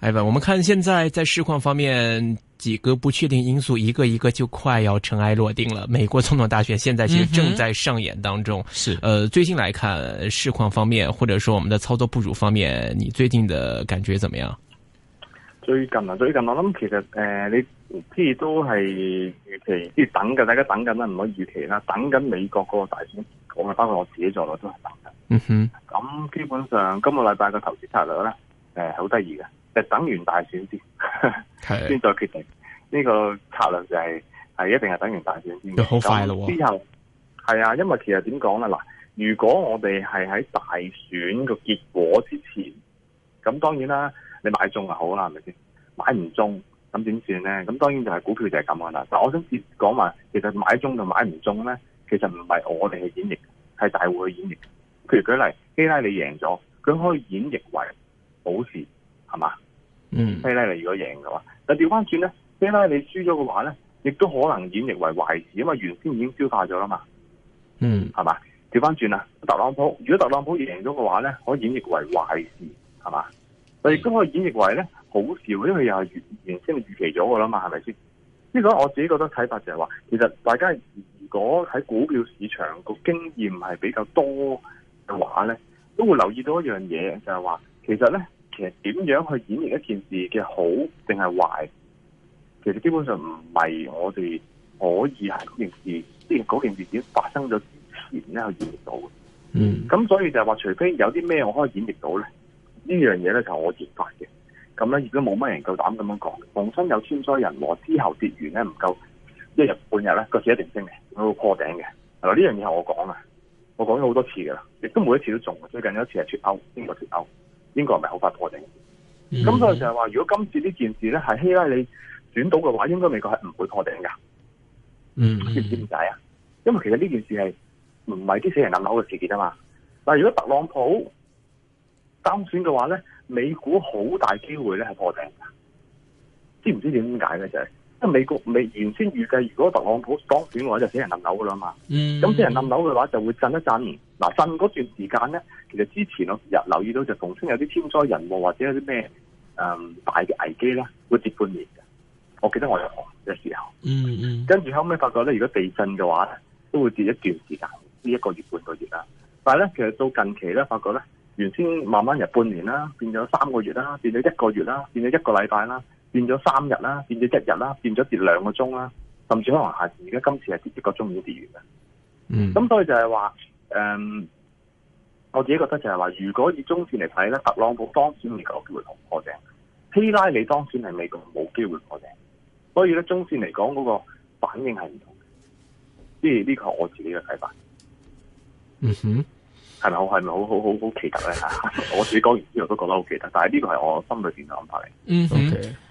我哋看現在在市況方面幾個不確定因素，一個一個就快要塵埃落定了。美國總統大選現在其實正在上演當中。是，mm-hmm.，呃，最近來看市況方面，或者說我們的操作部署方面，你最近的感覺怎麼樣？最近啊，最近我諗其實誒、呃，你譬如都係預期，即等嘅，大家等緊啦，唔可以預期啦，等緊美國嗰個大選，我咪包括我自己做都係等緊。嗯哼，咁基本上今個禮拜嘅投資策略咧，誒、呃，好得意嘅。就等完大選先，先再決定呢 個策略就係、係、係一定係等完大選先好快咯、啊。之後係啊，因為其實點講咧嗱，如果我哋係喺大選個結果之前，咁當然啦，你買中就好啦，係咪先？買唔中咁點算咧？咁當然就係股票就係咁樣啦。但我想講埋，其實買中就買唔中咧，其實唔係我哋去演繹，係大會去演繹。譬如舉例希拉里贏咗，佢可以演繹為保持。係嘛？希拉里如果贏嘅話，但調翻轉咧，希拉里輸咗嘅話咧，亦都可能演繹為壞事，因為原先已經消化咗啦嘛。嗯、mm.，係嘛？調翻轉啊，特朗普如果特朗普贏咗嘅話咧，可以演繹為壞事，係嘛？Mm. 但亦都可以演繹為咧好事，因為又係原先預期咗嘅啦嘛，係咪先？呢個我自己覺得睇法就係話，其實大家如果喺股票市場個經驗係比較多嘅話咧，都會留意到一樣嘢，就係、是、話其實咧。其實點樣去演繹一件事嘅好定係壞，其實基本上唔係我哋可以喺件事即係件事件發生咗之前咧去演繹到嘅。嗯，咁所以就係話，除非有啲咩我可以演繹到咧，呢樣嘢咧就係我研發嘅。咁咧亦都冇乜人夠膽咁樣講。逢親有天災人禍之後跌完咧，唔夠一日半日咧個市一定升嘅，會破頂嘅。嗱，呢樣嘢係我講啊，我講咗好多次噶啦，亦都每一次都中。最近有一次係脫歐，英國脫歐。英國係咪好快破頂？咁、mm-hmm. 所以就係話，如果今次呢件事咧係希拉里選到嘅話，應該美國係唔會破頂噶。嗯、mm-hmm.，知唔知點解啊？因為其實呢件事係唔係啲死人冧樓嘅事件啊嘛。嗱，如果特朗普當選嘅話咧，美股好大機會咧係破頂噶。知唔知點解咧？就係。因為美國未原先預計，如果特朗普當選嘅話，就死人冧樓噶啦嘛。咁、mm-hmm. 死人冧樓嘅話，就會震一震。嗱，震嗰段時間咧，其實之前我留意到就逢親有啲天災人禍或者有啲咩誒大嘅危機啦，會跌半年嘅。我記得我哋入行嘅時候，mm-hmm. 跟住後尾發覺咧，如果地震嘅話咧，都會跌一段時間，呢一個月半個月啦。但係咧，其實到近期咧，發覺咧，原先慢慢入半年啦，變咗三個月啦，變咗一個月啦，變咗一個禮拜啦。變咗三日啦、啊，變咗一日啦、啊，變咗跌兩個鐘啦、啊，甚至可能下次而家今次係跌一個鐘已經跌完嘅。嗯，咁所以就係話，誒、嗯，我自己覺得就係話，如果以中線嚟睇咧，特朗普當選係有機會同破頂，希拉里當選係美國冇機會破頂。所以咧中線嚟講嗰個反應係唔同嘅。即係呢個係我自己嘅睇法。嗯哼，係咪好？係咪好好好好期待咧吓？ 我自己講完之後都覺得好期待，但係呢個係我心裏面嘅諗法嚟。嗯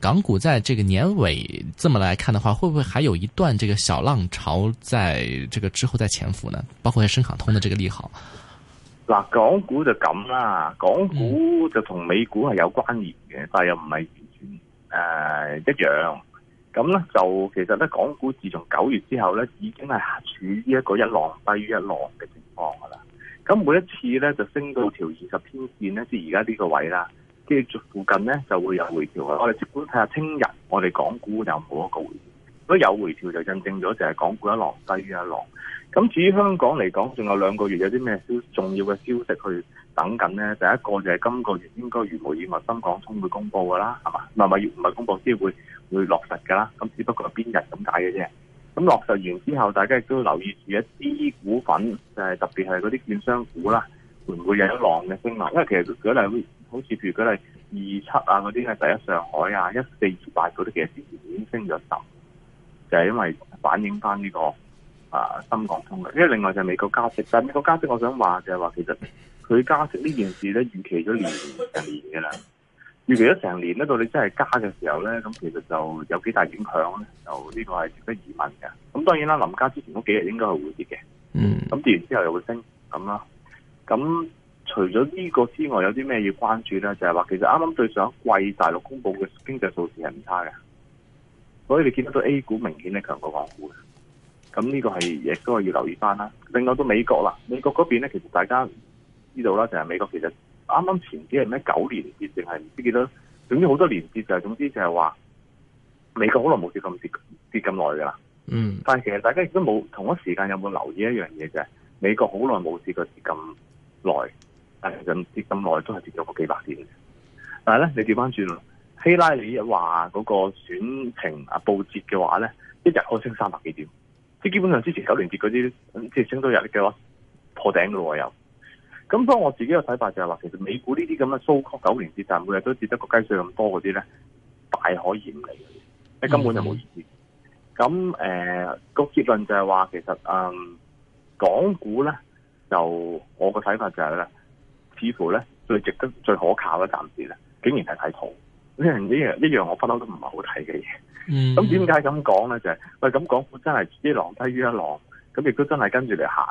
港股在這個年尾這麼來看的話，會不會還有一段這個小浪潮在這個之後再潛伏呢？包括在深港通的這個利好。嗱、啊，港股就咁啦，港股就同美股係有關聯嘅、嗯，但又唔係完全誒、呃、一樣。咁呢，就其實呢，港股自從九月之後呢，已經係處於一個一浪低於一浪嘅情況噶啦。咁每一次呢，就升到條二十天線現在這呢，即係而家呢個位啦。即係附近咧就會有回調。我哋即管睇下聽日，我哋港股有冇一個回調？如果有回調就認了，就印證咗就係港股一浪低一浪。咁至於香港嚟講，仲有兩個月有啲咩消重要嘅消息去等緊咧？第一個就係今個月，應該如無意外，深港通會公布㗎啦，係嘛？唔係咪？唔係公布先會會落實㗎啦。咁只不過係邊日咁解嘅啫。咁落實完之後，大家亦都留意住一啲股份，就係、是、特別係嗰啲券商股啦，會唔會有一浪嘅升浪？因為其實好似譬如佢係二七啊嗰啲咧，第一上海啊一四二八嗰啲其實，之前已經升咗十，就係因為反映翻呢個啊深港通嘅。因為另外就係美國加息，但係美國加息，我想話就係話其實佢加息呢件事咧，預期咗年成年嘅啦，預期咗成年嗰到你真係加嘅時候咧，咁其實就有幾大影響咧，就呢個係值得疑問嘅。咁當然啦，臨加之前嗰幾日應該係會跌嘅，嗯，咁跌完之後又會升咁啦，咁。除咗呢個之外，有啲咩要關注咧？就係話其實啱啱對上一季大陸公佈嘅經濟數字係唔差嘅，所以你見得到 A 股明顯咧強過港股嘅。咁呢個係亦都係要留意翻啦。另外到美國啦，美國嗰邊咧，其實大家知道啦，就係美國其實啱啱前幾日咩九年跌剩係唔知幾多，總之好多年跌，就係總之就係話美國好耐冇跌咁跌跌咁耐噶啦。嗯。但係其實大家亦都冇同一時間有冇留意一樣嘢，就係美國好耐冇試過跌咁耐。咁跌咁耐都係跌咗個幾百點嘅。但係咧，你調翻轉，希拉里話嗰個選情啊，報捷嘅話咧，一日可升三百幾點，即係基本上之前九連跌嗰啲，即、嗯、係升到日嘅話，破頂嘅咯喎又。咁所以我自己嘅睇法就係話，其實美股呢啲咁嘅縮縮九連跌，但係每日都跌得個雞碎咁多嗰啲咧，大可嫌你嘅，即根本就冇意思。咁、mm-hmm. 誒，個、呃、結論就係話，其實誒、嗯，港股咧，就我個睇法就係咧。似乎咧，最值得、最可靠嘅暫時咧，竟然係睇圖 這是看、mm-hmm. 這樣呢？呢，就是、樣呢樣我不嬲都唔係好睇嘅嘢。咁點解咁講咧？就係喂，咁港股真係一浪低於一浪，咁亦都真係跟住你行。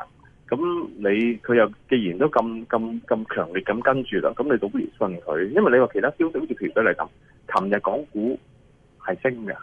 咁你佢又既然都咁咁咁強烈咁跟住啦，咁你倒不如信佢？因為你話其他消息好似全部都嚟噉，琴日港股係升嘅，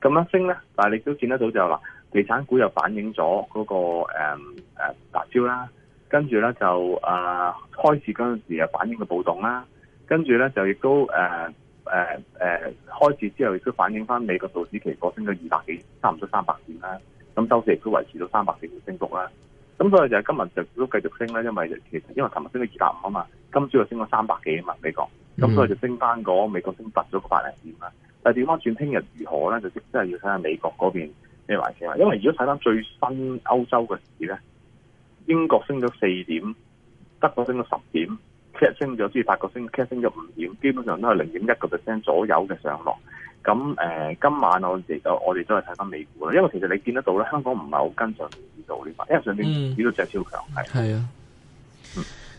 咁樣升咧，但係你都見得到就係、是，啦，地產股又反映咗嗰，那個誒誒大招啦。跟住咧就啊、呃，開市嗰陣時反映嘅暴動啦。跟住咧就亦都誒誒誒開市之後亦都反映翻美國道指期貨升咗二百幾，差唔多三百點啦。咁收市亦都維持到三百點嘅升幅啦。咁所以就係今日就都繼續升啦，因為其實因為琴日升咗二百五啊嘛，今朝就升咗三百幾啊嘛，美國。咁所以就升翻、嗰個美國升突咗個百零點啦。但點樣轉聽日如何咧？就即真係要睇下美國嗰邊咩環境啦。因為如果睇翻最新歐洲嘅市咧。英國升咗四點，德國升咗十點，日升咗先八個升，日升咗五點，基本上都係零點一個 percent 左右嘅上落。咁誒、呃，今晚我哋我就我哋都係睇翻美股啦，因為其實你見得到咧，香港唔係好跟上上邊度呢塊，因為上邊指數只超強係。係、嗯、啊。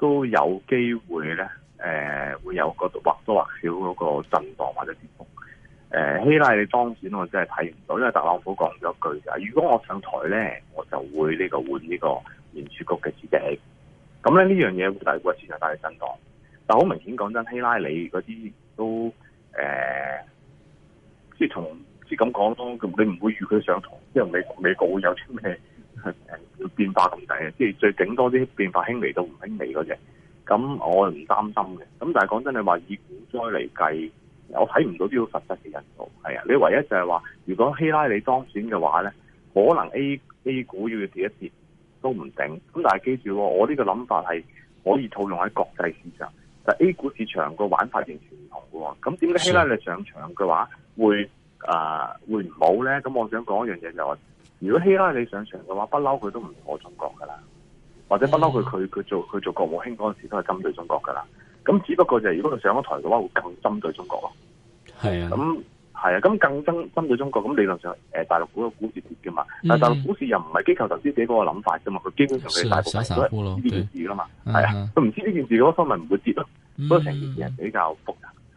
都有機會咧，誒、呃、會有那個或多或少嗰個震盪或者跌幅。誒、呃、希拉里當選，我真係睇唔到，因為特朗普講咗一句：如果我上台咧，我就會呢個換呢個聯儲局嘅主席。咁咧呢這樣嘢會帶烏克士上帶嚟震盪。但好明顯講真，希拉里嗰啲都誒，即係同即係咁講咯，佢你唔會預佢上台，因為美美國會有啲咩？係誒，變化咁大啊！即係最整多啲變化，輕微到唔輕微嗰隻，咁我又唔擔心嘅。咁但係講真，你話以股災嚟計，我睇唔到啲好實質嘅因素。係啊，你唯一就係話，如果希拉里當選嘅話咧，可能 A A 股要跌一跌都唔定。咁但係記住，我呢個諗法係可以套用喺國際市場，但係 A 股市場個玩法完全唔同嘅。咁點解希拉里上場嘅話會啊、呃、會唔好咧？咁我想講一樣嘢就話、是。如果希拉里上場嘅話，不嬲佢都唔妥中國噶啦，或者不嬲佢佢佢做佢做國務卿嗰陣時都係針對中國噶啦。咁只不過就係如果佢上咗台嘅話，會更針對中國咯。係啊，咁係啊，咁更針針對中國。咁理論上，誒、呃大，嗯、大陸股嘅股市跌嘅嘛，但大陸股市又唔係機構投資者嗰個諗法噶嘛，佢基本上佢大部分都係呢件事噶嘛，係啊，佢唔、啊啊、知呢件事嗰方面唔會跌咯、嗯，所以成件事係比較複雜。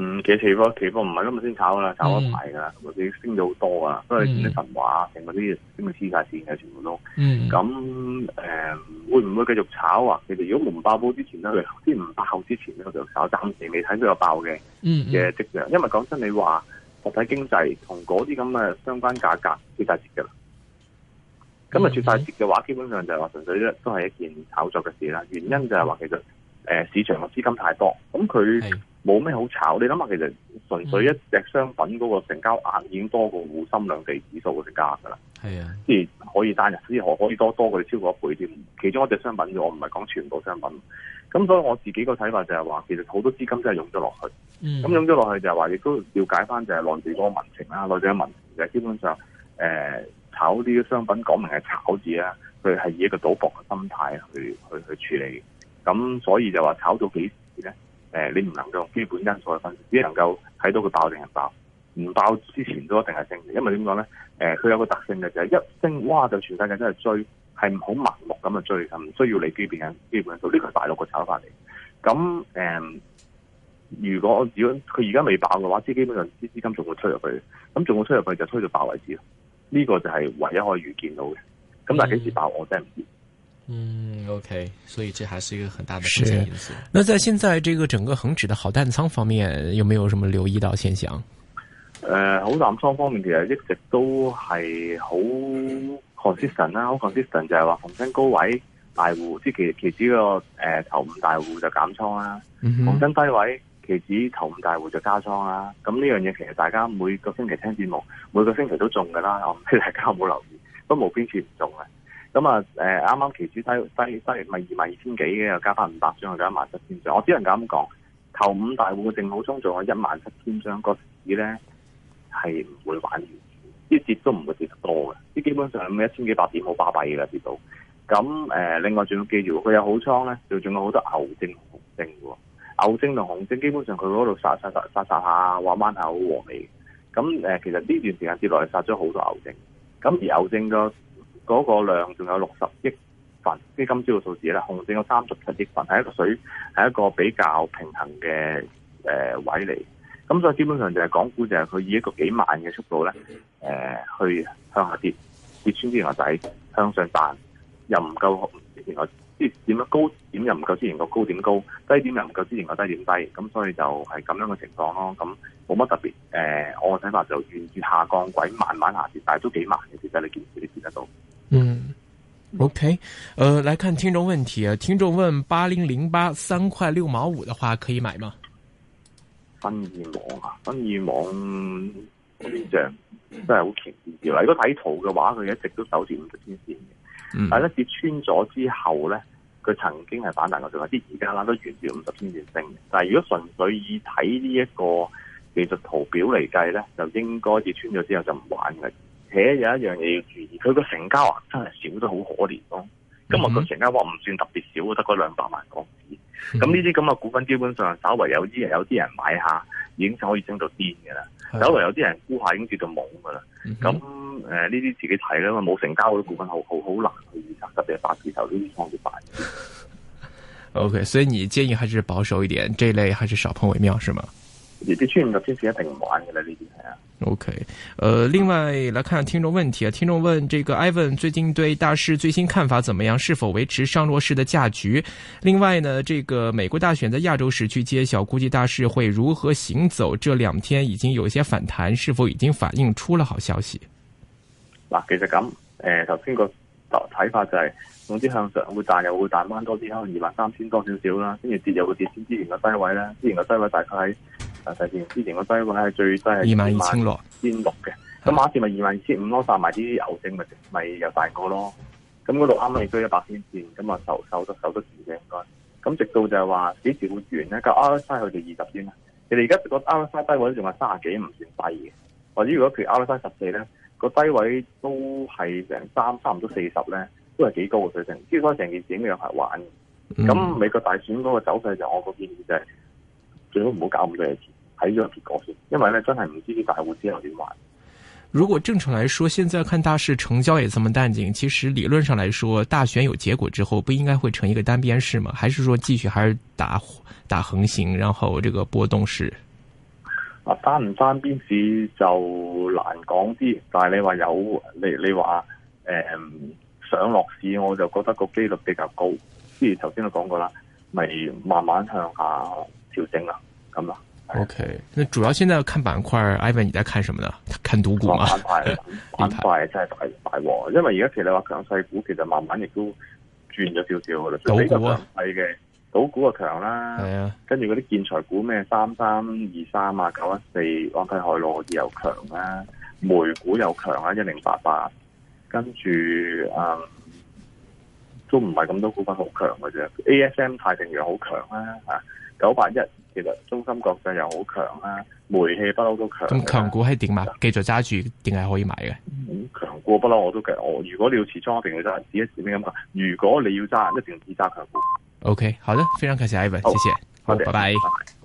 嗯，其實期貨期貨唔係今日先炒噶啦，炒一排噶啦，嗯、或者升咗好多啊，因為啲神話，成個啲嘢都係撕曬線嘅，全部都。咁誒、嗯呃，會唔會繼續炒啊？其實如果唔爆煲之前咧，先唔爆之前咧，我就炒，暫時未睇到有爆嘅嘅跡象。因為講真你，你話實體經濟同嗰啲咁嘅相關價格跌晒跌噶啦。咁啊，跌晒跌嘅話、嗯嗯，基本上就係話純粹都係一件炒作嘅事啦。原因就係話其實誒、呃、市場嘅資金太多，咁佢。冇咩好炒，你諗下，其實純粹一隻商品嗰個成交額已經多過滬深兩地指數嘅成交額噶啦。係啊，即係可以單日，即係可以多多過你超過一倍添。其中一隻商品，我唔係講全部商品。咁所以我自己個睇法就係話，其實好多資金真係用咗落去。咁、嗯、用咗落去就係話，亦都了解翻就係內地嗰個民情啦。內地嘅民情就係基本上，誒、呃、炒呢啲商品，講明係炒字啊，佢係以一個賭博嘅心態去去去處理。咁所以就話炒到幾時咧？誒、呃，你唔能夠用基本因素去分析，只能夠睇到佢爆定係爆，唔爆之前都一定係升嘅，因為點講咧？誒、呃，佢有個特性嘅就係一升，哇就全世界都係追，係唔好盲目咁去追，唔需要理本邊基本因素，呢個係大陸嘅炒法嚟。咁誒、呃，如果我只佢而家未爆嘅話，即係基本上啲資金仲會推入去，咁仲會推入去就推到爆為止，呢、這個就係唯一可以預見到嘅。咁但係幾時爆我，我真係唔知。嗯，OK，所以這還是一個很大的風險因素。那在現在這個整個恒指的好淡倉方面，有沒有什麼留意到現象？誒、呃，好淡倉方面其實一直都係好 consistent 啦，好 consistent 就係話逢新高位大戶即期期指個誒頭五大戶就減倉啦、啊，逢、mm-hmm. 新低位期指頭五大戶就加倉啦、啊。咁呢樣嘢其實大家每個星期聽節目，每個星期都中㗎啦，我唔知大家有冇留意，都冇邊次唔中嘅。咁啊，誒，啱啱期指低低低，咪二萬二千幾嘅，又加翻五百張，就一萬七千張。我只能咁講，頭五大戶嘅淨好倉，仲有一萬七千張。個市咧係唔會玩完，啲跌都唔會跌得多嘅，啲基本上咪一千幾百點好巴閉嘅啦跌到。咁誒，另外仲要記住，佢有好倉咧，就仲有好多，多牛證、熊證嘅。牛證同熊證，基本上佢嗰度殺殺殺殺下，玩翻下好和味。咁誒，其實呢段時間跌落嚟殺咗好多牛證，咁而牛證個。嗰、那個量仲有六十億份，即今朝嘅數字咧，控制咗三十七億份，係一個水，係一個比較平衡嘅、呃、位嚟。咁所以基本上就係港股就係佢以一個幾慢嘅速度咧、呃，去向下跌，跌穿之前個底，向上彈又唔夠之前個即係點樣高點又唔夠之前個高點高，低點又唔夠之前個低點低，咁所以就係咁樣嘅情況咯。咁冇乜特別誒、呃，我嘅睇法就沿住下降軌，慢慢下跌，但係都幾慢嘅，其實你見唔見到？嗯，OK，呃，來看聽眾問題，聽眾問，八零零八三塊六毛五嘅話，可以買嗎？分意網啊，分意網嗰邊就真係好奇異啲啦。如果睇圖嘅話，佢一直都守住五十天線嘅，但係跌穿咗之後咧，佢曾經係反彈過，仲有啲而家拉得完全五十天線性嘅。但係如果純粹以睇呢一個技術圖表嚟計咧，就應該跌穿咗之後就唔玩嘅。而且有一樣嘢要注意，佢個成交啊真係少得好可憐咯。今日佢成交哇唔算特別少，得嗰兩百萬港紙。咁呢啲咁嘅股份基本上，稍微有啲人有啲人買下，已經就可以升到癲嘅啦。稍微有啲人估下已經跌到冇噶啦。咁誒呢啲自己睇啦，因冇成交嗰啲股份好好好難去預測，特別係八字頭呢啲創業板。 o、okay, K，所以你建議還是保守一點，這類還是少碰為妙，是嗎？呢必須部都只是一平緩嘅啦，呢邊係。OK，呃另外來看，看聽眾問題啊。聽眾問：這個 Ivan 最近對大市最新看法怎麼樣？是否維持上落市的價局？另外呢，這個美國大選在亞洲時區揭曉，估計大市會如何行走？這兩天已經有些反彈，是否已經反映出了好消息？嗱，其實咁，誒、呃，頭先個睇法就係、是，總之向上會彈，又會彈翻多啲，可能二萬三千多少少啦，跟住跌又會跌穿之前嘅低位咧，之前嘅低，低位大概喺。啊！之之前個低位係最低係二萬二千六，千六嘅。咁亞市咪二萬二千五咯，殺埋啲牛證咪咪又大個咯。咁嗰度啱啱亦都一百天線，咁啊收收得收得住嘅應該。咁直到就係話幾時會完咧？個 RSI 去到二十天啊！其實而家個 RSI 低位仲係三十幾唔算低嘅。或者如果譬如 RSI 十四咧，個低位都係成三差唔多四十咧，都係幾高嘅水平。之所以成件事應該有排玩。咁美國大選嗰個走勢就我個建議就係。最好唔好搞咁多嘢，睇咗個結果先。因為咧，真係唔知啲大戶之後點玩。如果正常來說，現在看大市成交也這麼淡靜，其實理論上來說，大選有結果之後，不應該會成一個單邊市嘛？還是說繼續還是打打橫行，然後這個波動市？啊，單唔單邊市就難講啲。但係你話有你你話誒、呃、上落市，我就覺得個幾率比較高。譬如頭先都講過啦，咪慢慢向下。調整啦，咁啦、啊。O、okay, K，那主要現在要看板塊，Ivan 你在看什麼呢？看賭股嘛？板塊，板塊真係大大旺，因為而家其實你話強勢股其實慢慢亦都轉咗少少啦。賭股係嘅，賭股啊強啦，係啊，跟住嗰啲建材股咩三三二三啊九一四安溪海螺又強啦，煤股又強啦一零八八，1088, 跟住啊、嗯，都唔係咁多股份好強嘅啫。A S M 太平洋好強啦，吓。九八一其實中芯國際又好強啦，煤氣不嬲都強。咁強股係點啊？繼、啊、續揸住定係可以買嘅？強股不嬲我都計我。如果你要持倉一定要揸，只一止咁啊！如果你要揸一定要只揸強股。O、okay, K，好的，非常感謝 Ivan，謝謝，好，拜拜。